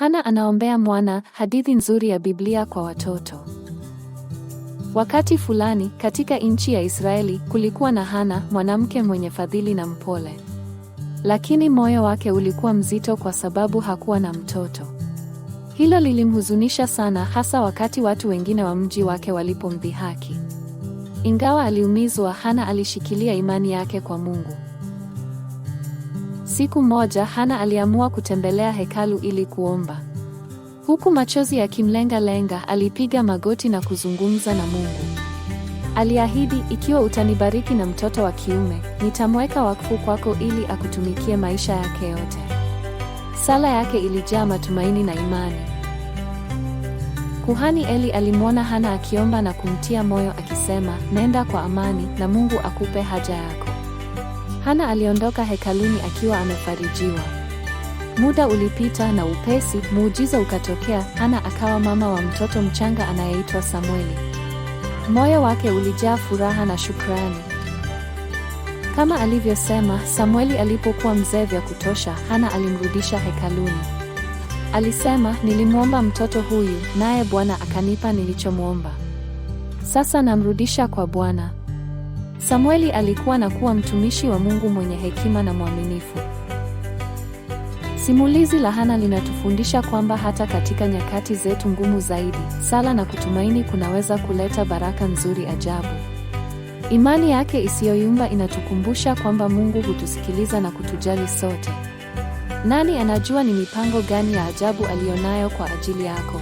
Hana anaombea mwana, hadithi nzuri ya Biblia kwa watoto. Wakati fulani katika nchi ya Israeli kulikuwa na Hana, mwanamke mwenye fadhili na mpole. Lakini moyo wake ulikuwa mzito kwa sababu hakuwa na mtoto. Hilo lilimhuzunisha sana hasa wakati watu wengine wa mji wake walipomdhihaki. Ingawa aliumizwa, Hana alishikilia imani yake kwa Mungu. Siku moja Hana aliamua kutembelea hekalu ili kuomba. Huku machozi yakimlenga-lenga, alipiga magoti na kuzungumza na Mungu. Aliahidi, ikiwa utanibariki na mtoto wa kiume, nitamweka wakfu kwako ili akutumikie maisha yake yote. Sala yake ilijaa matumaini na imani. Kuhani Eli alimwona Hana akiomba na kumtia moyo akisema, nenda kwa amani na Mungu akupe haja yako. Hana aliondoka hekaluni akiwa amefarijiwa. Muda ulipita na upesi, muujiza ukatokea. Hana akawa mama wa mtoto mchanga anayeitwa Samueli. Moyo wake ulijaa furaha na shukrani. Kama alivyosema, Samueli alipokuwa mzee vya kutosha, Hana alimrudisha hekaluni. Alisema, nilimwomba mtoto huyu, naye Bwana akanipa nilichomwomba. Sasa namrudisha kwa Bwana. Samueli alikuwa na kuwa mtumishi wa Mungu mwenye hekima na mwaminifu. Simulizi la Hana linatufundisha kwamba hata katika nyakati zetu ngumu zaidi, sala na kutumaini kunaweza kuleta baraka nzuri ajabu. Imani yake isiyoyumba inatukumbusha kwamba Mungu hutusikiliza na kutujali sote. Nani anajua ni mipango gani ya ajabu aliyonayo kwa ajili yako?